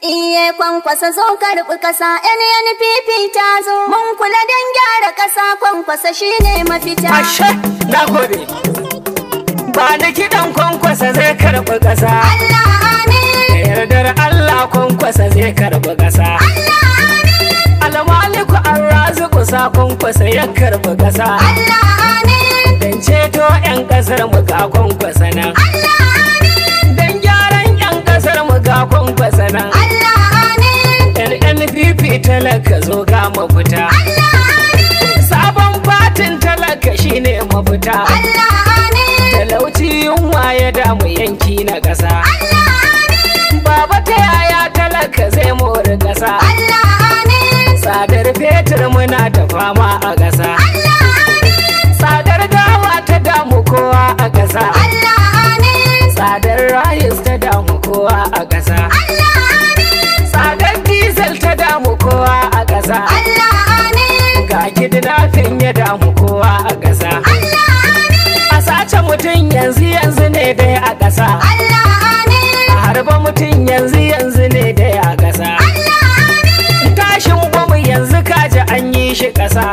Iye kwankwasa zo karɓi ƙasa NNPP ta zo mun kula don gyara ƙasa kwankwasa ne mafita. Ashe, na gode. Ba da kiɗan kwankwasa zai karɓi ƙasa. Allah amin. Yardar Allah kwankwasa zai karɓi ƙasa. Allah amin. Almaliku an razuku sa kwankwasa ya karɓi ƙasa. Allah amin. Dan ceto 'yan ƙasar mu ga kwankwasa. talaka zo ga mafita sabon fatin talaka shine mafita talauci yunwa ya damu yanki na ƙasa baba ta yaya talaka zai mori ƙasa tsadar fetur muna ta fama a ƙasa tsadar dawa ta damu kowa a ƙasa tsadar rayis ta damu kowa a ƙasa ya damu kowa a ƙasa. A sace mutum yanzu yanzu ne dai a ƙasa. A harba mutum yanzu yanzu ne dai a ƙasa. Tashin gwamu yanzu kaji an yi shi ƙasa.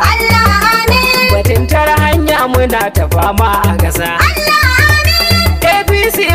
Batun tara hanya muna ta fama a ƙasa. APC